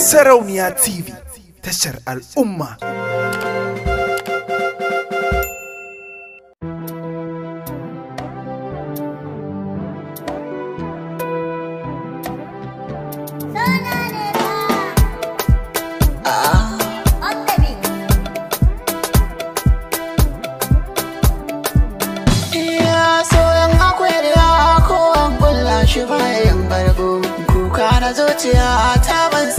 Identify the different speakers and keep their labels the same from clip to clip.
Speaker 1: Sarauniya TV tashar al'umma. Shi bayan bargo, kuka na zuciya ta ban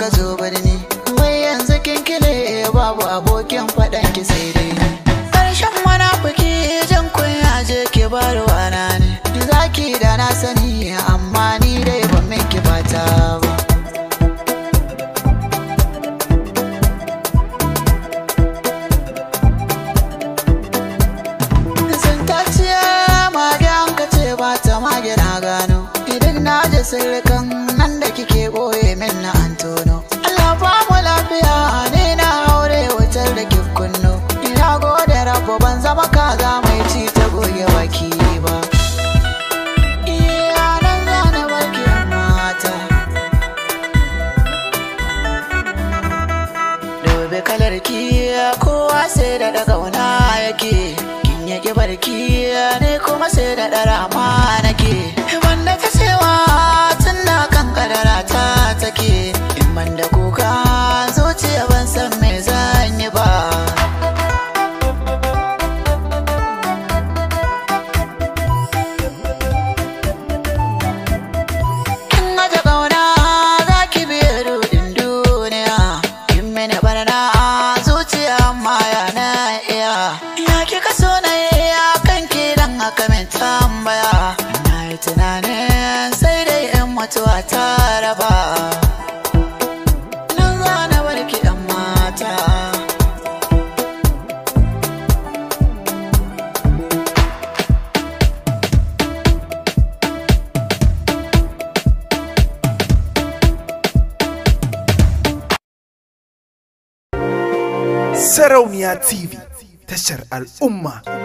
Speaker 1: ka zo birni mai yanzu kinkile babu abokin faɗan ki sai dai ƙarshen munafiki jan kunya je ki bar wana ne zaki da na sani amma ni dai ban ki bata ba Sun mage ma ka ce ba ta gano idan na je sirri barki kowa sai da daga wana yake kin yake barki ne kuma sai da darama mutuwa ta raba nan zana barki dan mata Sarauniya TV tashar al'umma